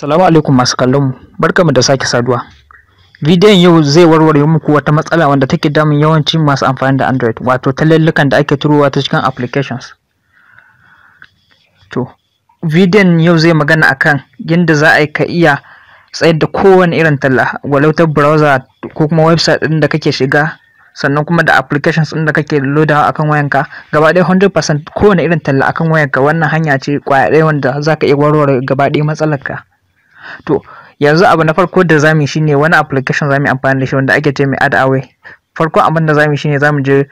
Salamu alaikum masu kallon mu, barkamu da sake saduwa. Bidiyon yau zai warware muku wata matsala wanda take damun yawancin masu amfani da Android, wato talallukan da ake turowa ta cikin applications. To, bidiyon yau zai magana akan yadda za a yi ka iya tsayar da kowane irin talla, walau ta browser ko kuma website ɗin da kake shiga sannan kuma da applications ɗin da kake lodawa akan wayanka gaba ɗaya 100% kowane irin talla akan wayanka wannan hanya ce kwaya ɗaya wanda za iya warware gaba ɗaya ka to yanzu abu na farko da zamu shine wani application zamu amfani da shi wanda ake ce mai add away farko abin da zamu shine zamu je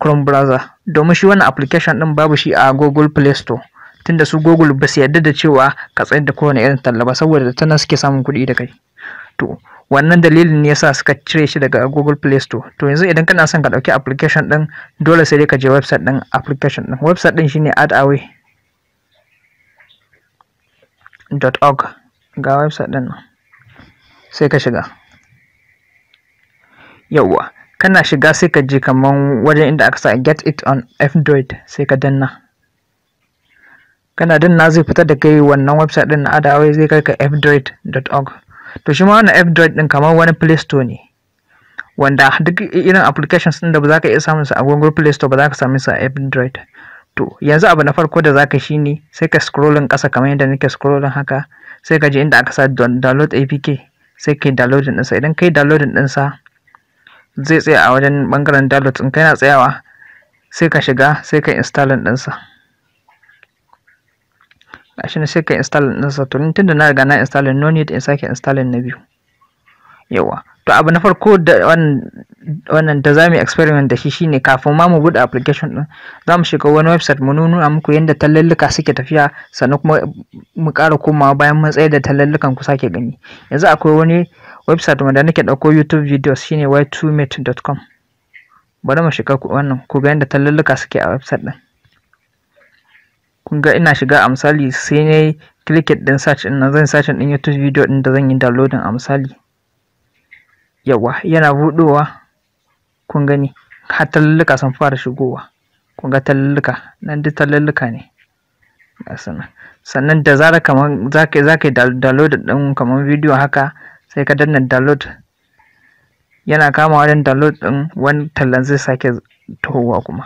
Chrome browser domin shi wannan application din babu shi a Google Play Store tunda su Google ba su yarda da cewa ka tsayar da kowane irin talla ba saboda tana suke samun kuɗi da kai to wannan dalilin ne yasa suka cire shi daga google play store to yanzu idan kana son ka dauki application ɗin dole sai dai ka je website ɗin application ɗin website ɗin shine adaway.org ga website ɗin sai ka shiga yauwa kana shiga sai ka je kaman wajen inda aka sa get it on android sai ka danna kana danna zai fitar da kai wannan website ɗin na adaway zai kai ka fdroid.org to shi ma wannan app droid din kamar wani play store ne wanda duk irin applications din da ba za ka iya samun su a google play store ba za ka same su a app droid to yanzu abu na farko da zaka shi ne sai ka scrolling ƙasa kamar yadda nake scrolling haka sai ka je inda aka sa download apk sai ka yi downloading ɗinsa idan ka yi downloading ɗinsa zai tsaya a wajen ɓangaren download in kai na tsayawa sai ka shiga sai ka installing ɗinsa gashi ne sai ka install na Saturn tunda na riga na install no need in sake install na biyu yawa to abu na farko da wannan da zamu experiment da shi shine kafin ma mu bude application din zamu shiga wani website mu nuna muku yadda tallalluka suke tafiya sannan kuma mu ƙara komawa bayan matsayi da tallallukan ku sake gani yanzu akwai wani website wanda nake ɗauko YouTube videos shine y2mate.com bari mu shiga wannan ku ga yadda tallalluka suke a website din kun ga ina shiga a misali sai na yi clicket din search ina zan search din youtube video din da zan yi downloading a misali yawa yana budowa kun gani har tallulluka sun fara shigowa kun ga tallulluka nan duk tallulluka ne sannan da zara kamar za ka download din kamar video haka sai ka danna download yana kama wajen download din wani tallan zai sake tohowa kuma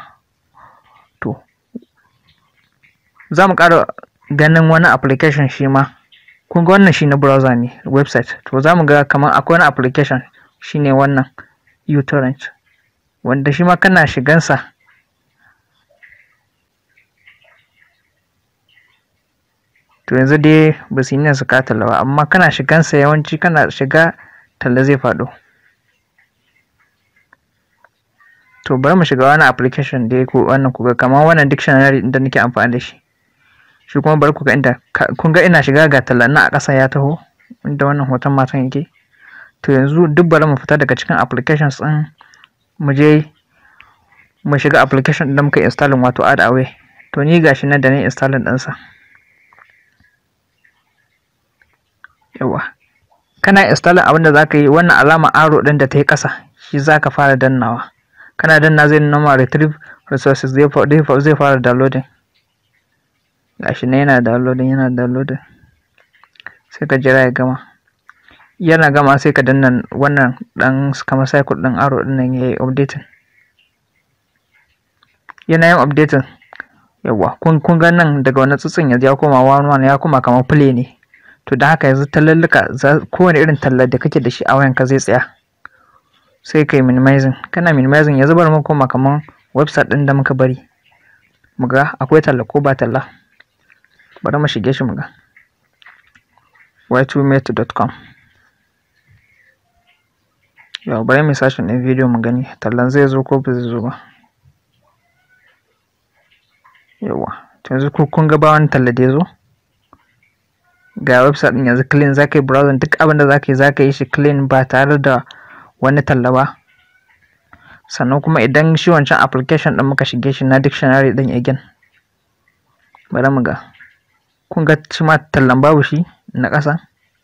za mu ƙara ganin wani application shi ma kun ga wannan shi na browser ne website to za mu ga kamar akwai wani application shi ne wannan utorrent wanda shi ma kana shigansa to yanzu dai ba su yi nan su ka talawa amma kana shigansa yawanci kana shiga talla zai faɗo to bari mu shiga wani application dai ko wannan kuga kamar wannan dictionary da nake amfani da shi shi kuma bari ku ga inda kun ga ina shiga ga talla, na a ƙasa ya taho inda wannan hoton matan yake to yanzu duk bari mu fita daga cikin applications ɗin mu je mu shiga application ɗin muka install wato add away to ni gashi nan da ni installing ɗinsa yawa kana installing abinda za ka yi wannan alama arrow din da ta yi ƙasa shi za ka fara dannawa kana danna zai nuna retrieve resources zai fara downloading gashi nan yana downloading yana downloading sai ka jira ya gama yana gama sai ka danna wannan dan kamar cycle din aro din nan yayi updating yana yin updating yawa kun kun ga nan daga wannan tsutsun ya koma one one ya koma kamar play ne to da haka yanzu tallalluka kowane irin tallar da kake da shi a wayanka zai tsaya sai kai minimizing kana minimizing yanzu bari mu koma kamar website din da muka bari muga akwai talla ko ba talla bari mu shige shi mu ga y2mate.com yau bari mu sashen ɗin bidiyo mu gani tallan zai zo ko ba zai zo ba yawa to yanzu ku kun ga ba talla da ya zo ga website ɗin yanzu clean zaka yi browsing duk abin da zaka yi zaka yi shi clean ba tare da wani talla ba sannan kuma idan shi wancan application ɗin muka shige shi na dictionary ɗin again bari mu ga kun ga shi tallan babu shi na ƙasa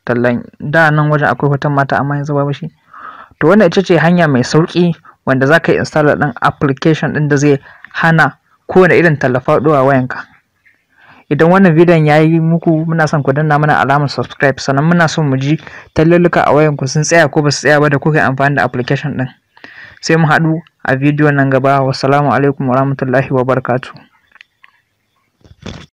tallan da nan wajen akwai hoton mata amma yanzu babu shi to wannan ita ce hanya mai sauƙi wanda za ka yi install ɗin application ɗin da zai hana kowane irin tallafa faɗowa wayanka idan wannan bidiyon ya yi muku muna son ku danna mana alamar subscribe sannan muna son mu ji tallalluka a wayanku sun tsaya ko ba su tsaya ba da kuka amfani da application ɗin sai mu haɗu a bidiyon nan gaba wassalamu alaikum warahmatullahi wabarakatuh